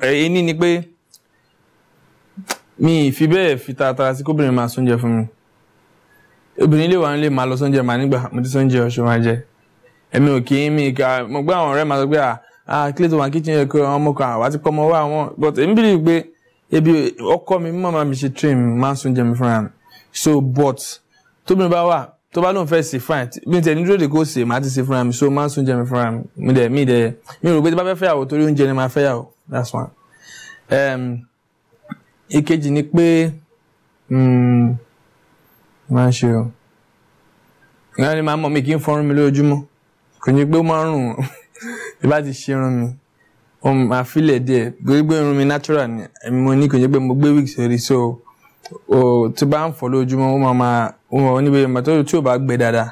èyí ní ni pé mi ìfi bẹ́ẹ̀ fi taratara sí kóbìnrin máa sóúnjẹ fún mi obìnrin lè wà ń lè máa lọ sóúnjẹ màá nígbà mo ti sóúnjẹ ọ̀ṣọ́ máa jẹ èmi ò kí mi ká mo gbọ́ àwọn ọ̀rẹ́ máa sọ pé à kílẹ̀ tó wà kíchìn yẹ àwọn ọmọ kan àwa ti kọ́ ọmọ wa wọn but èmi bìrì pé ebi ọkọ mi mọ̀ máa mi ṣe train mi máa sóúnjẹ mi fúnra mi so but tóbi bá wà tó bá lóun fẹ́ sè fine bí n tẹ̀ ní dúró de kó sè máa ti sè fúnra mi so máa sóúnjẹ mi fúnra mi mi dẹ̀ mi dẹ̀ mi rò pé tí bá fẹ́ fẹ́yàwó torí oúnjẹ ni máa fẹ́yàwó that's one. Um, ìkejì ni pé mm, máa ṣe o ìyá ni màá mọ̀ mi kì í fọ́nrún mi lójúmọ́ kò ní pé ó máa ń rùn bí bá ti ṣe irun mi ó máa fílẹ̀ díẹ̀ gbégbé irun mi natural ni èmi mo ní kò ní pé mo gbé wig sórí so tó bá ń fọ́ lójúmọ́ ó máa máa ó máa níbi ìmọ̀tò tí ò bá gbẹ dáadáa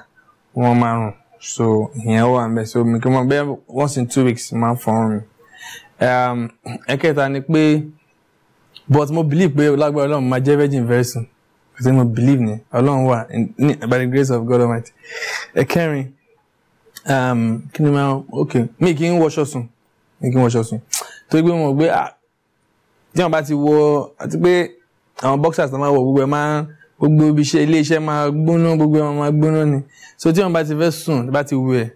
ó máa máa rùn so ìyẹn wà ń bẹ̀ so mi kì í mọ̀ bẹ́ẹ̀ once in two weeks máa ń fọ́nrún mi ẹ̀kẹta ni pé but mo believe pé lágbára ọlọ́run máa jẹ́ virgin very soon because mo believe ni ọlọ́run wà by the grace of God almighty ẹ̀kẹrin kí ni máa ok mi kì í wọṣọ sùn mi kì í wọṣọ sùn torí pé mo mọ̀ pé tí wọ́n bá ti wọ àti pé àwọn boxers náà máa wọ gbogbo ẹ̀ máa gbogbo ibi iṣẹ́ ilé iṣẹ́ máa gbóná gbogbo ẹ̀ máa gbóná ni so tí wọ́n bá ti fẹ́ sùn tí wọ́n bá ti wù ẹ̀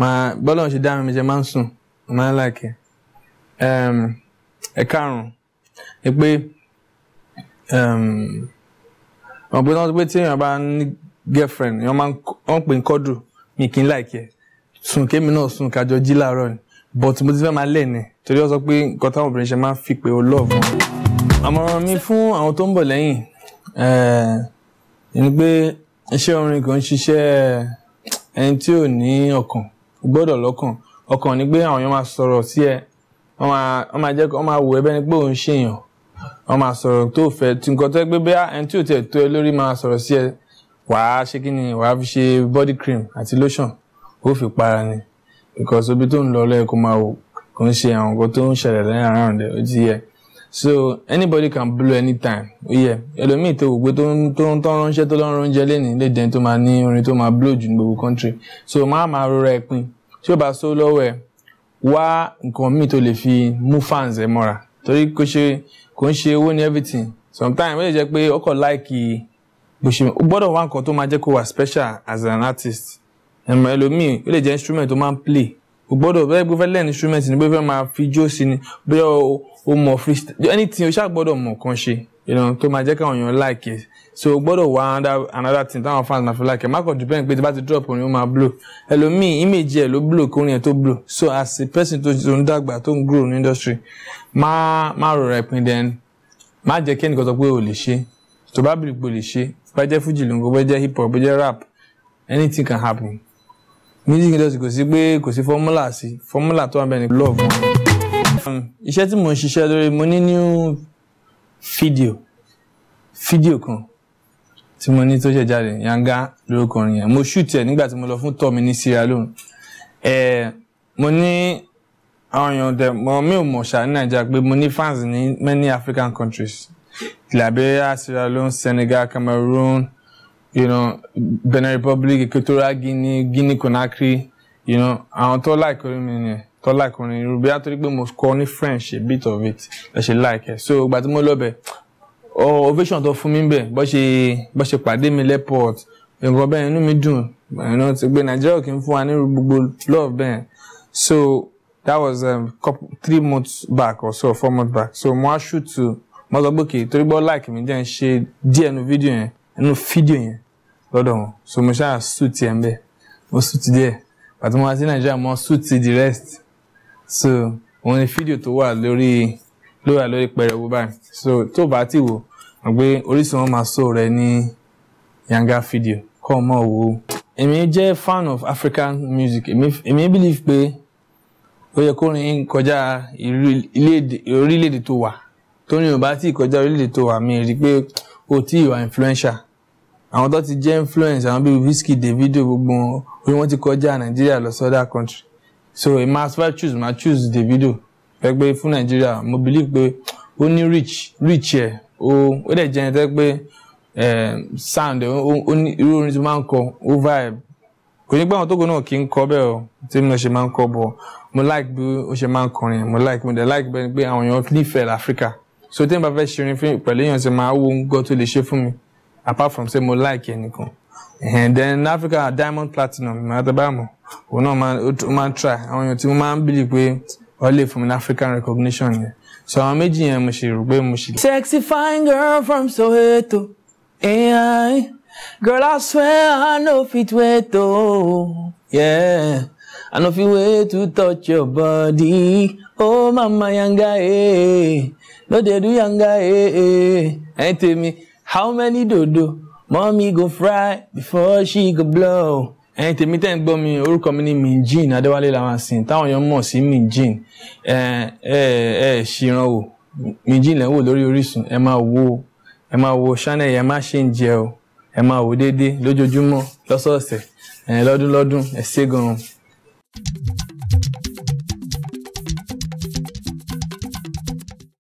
máa bọ́lá ọ̀hún ṣe dá mi jẹ máa ń sùn máa ń Ehm, ẹ̀karùn-ún ni pé ehm, wọn pe náà pé tí èèyàn bá ní girlfriend wọn máa ń pè ń kọ́dù mi kì í sùn kémi náà sùn kájọ jí ni but mo ti fẹ́ máa torí wọ́n sọ pé nǹkan táwọn obìnrin ṣe máa ń fi pé o love wọn. àmọ̀ràn mi fún àwọn tó ń bọ̀ lẹ́yìn ehm, ni pé iṣẹ́ orin kò ń ṣiṣẹ́ ẹni tí ò ní ọkàn gbọ́dọ̀ lọ́kàn ọkàn ni pé àwọn èèyàn máa sọ̀rọ̀ sí wọ́n máa jẹ́ wọ́n máa wò ẹ́ bẹ́ni pé òun ṣèyàn wọ́n máa sọ̀rọ̀ tó fẹ́ tí nǹkan tó yẹ pé ẹni tí ò tiẹ̀ tó ẹ lórí máa sọ̀rọ̀ sí ẹ wàá ṣe kí ni wàá fi ṣe body cream àti lotion ó fi para ni because obi tó ń lọ lọ́yẹ̀ kó máa wò kò ń ṣe àwọn nǹkan tó ń ṣẹlẹ̀ lẹ́yìn around ẹ̀ ó ti yẹ so anybody can blow anytime ó yẹ ẹlòmíì tó wò pé tó ń tó ń tán ránṣẹ́ tó lọ́n ránṣẹ́ lẹ́nìí lè dẹ́n tó máa ní orin tó máa blow jù ní gbogbo country so máa máa rora ẹ̀ tí ó bá sọ lọ́wọ́ ẹ̀ wá nǹkan míì tó lè fi mú fans ẹ mọ́ra torí kò ṣe kò ń ṣe owó ní everything sometimes ó lè jẹ́ pé ó kàn láìkì bó ṣe ó gbọ́dọ̀ wá nǹkan tó máa jẹ́ kó wà special as an artist ẹ̀mọ̀ ẹlòmíì ó lè jẹ́ instrument tó máa ń play ó gbọ́dọ̀ bẹ́ẹ̀ bó fẹ́ lẹ́yìn instrument ni bó fẹ́ máa fi jó sí ni bóyá o mọ̀ freestyle anything o ṣáà gbọ́dọ̀ mọ̀ kan ṣe tó máa jẹ́ káwọn èèyàn láìkì so o gbọ́dọ̀ wá another thing táwọn fans máa fi like ẹ̀ má kàn depend pé tí bá ti drop orin ó máa blue. ẹlòmíì image ẹ̀ ló blue kí orin ẹ̀ tó blow so as a person tó ń dàgbà tó ń grow ní industry má má rọra ẹ̀pin then má jẹ́ kí ẹnìkan sọ pé o lè ṣe tó bá bìrì pé o lè ṣe bá jẹ́ fújì lóńgó bá jẹ́ hip hop bá jẹ́ rap anything can happen music industry kò sí pé kò sí formula sí formula tó wà bẹ́ẹ̀ ni love mọ́ um, iṣẹ́ tí mo ń ṣiṣẹ́ lórí mo ní new fídíò fídíò kan tí mo ní tó ṣẹ̀ jáde yanga lórúkọ orin yẹn mo shoot ẹ̀ nígbà tí mo lọ fún tọ́mi ní Sierra Leone ẹ̀ mo ní àwọn èèyàn dẹ̀ mo mi ò mọ̀ ṣá ní Nàìjíríà pé mo ní fans ní many African countries Liberia Sierra Leone Senegal Cameroon you know, Benin Republic Equatorial Guinea Guinea Conakry you know, àwọn tó like orin mi nìyẹn tó like orin yorùbá torí pé mo kọ ní French a bit of it ẹ ṣe like so ìgbà tí mo lọ bẹ ovation tó fún mi ń bẹ̀ bó ṣe bó ṣe pàdé mi lẹ́pọ̀t nǹkan bẹ́ẹ̀ inú mi dùn ìná ti gbé nàìjíríà kì í fún wa ní gbogbo love bẹ́ẹ̀ so that was um, couple, three months back or so four months back so mo á shoot to mo sọ pé torí gbọ́ like mi jẹ́ ń ṣe díẹ̀ nu fídíò yẹn nínú fídíò yẹn lọ́dọ̀ wọn so mo ṣáà suit yẹn bẹ́ẹ̀ mo suit díẹ̀ pàtó mo wá sí nàìjíríà mo suit the rest so òun ni fídíò tó wà lórí ló lórí pẹrẹwu báyìí so tó bá ti wò wọn gbé Orísun wọn máa sọ rẹ ní yanga fídíò kọ́ ọmọ wò ó. èmi jẹ́ fan of African music èmi believe pé ó yẹ kó rin kọjá orílẹ̀-èdè tó wà tó ní yorùbá tí kọjá orílẹ̀-èdè tó wà mí rí i pé ó ti wà influential àwọn tó ti jẹ́ influence àwọn bíi Wizkid Davido gbogbo wọn orí wọn ti kọjá Nàìjíríà lọ other country so I must choose ma choose Davido pẹ́ pé fún nàìjíríà mo believe pé ó ní rich reach ẹ̀ ó ó dẹ̀ jẹ́ ẹni tẹ́ sound ó ní irú orin tí mo máa ń kọ ó vibe kò ní pé àwọn tókò náà kì í kọ bẹ́ẹ̀ o tí mo ṣe máa ń kọ bọ̀ mo like bí ó ṣe máa ń kọrin mo like mo dẹ̀ like bẹ́ẹ̀ ni pé àwọn èèyàn nífẹ̀ẹ́ láfíríkà so tí mo bá fẹ́ ṣerin fún pẹ̀lú èèyàn ṣe máa wo nǹkan tó lè ṣe fún mi apart from say mo like ẹnìkan and then Africa diamond platinum ìmọ̀ àtàbàmọ̀ òun náà máa try àwọn èèyàn tí mo máa ń believe pé wọ́n fún mi ní African recognition yẹn so àwọn méjì yẹn mo ṣe rò pé mo ṣe. sexy fine girl from Soweto ai girl I swear I no fit wait o oh. yeah. I no fit wait to touch your body oh mama yanga eh no dey do yanga eh eh ẹ tèmi how many dodo mommy go fry before she go blow ẹ̀yin tèmi tẹ́ ń gbọ́ mi orúkọ mi ni minjin adéwálé lawansin táwọn èèyàn mọ̀ sí minjin ẹ ẹ ẹ ṣìran o minjin lẹ́ ń wò lórí Orísun ẹ máa wo ẹ máa wo channel yẹn má ṣe ń jẹ o ẹ máa wò déédéé lójoojúmọ́ lọ́sọ̀ọ̀sẹ̀ ẹ lọ́dún lọ́dún ẹ ṣé gan-an.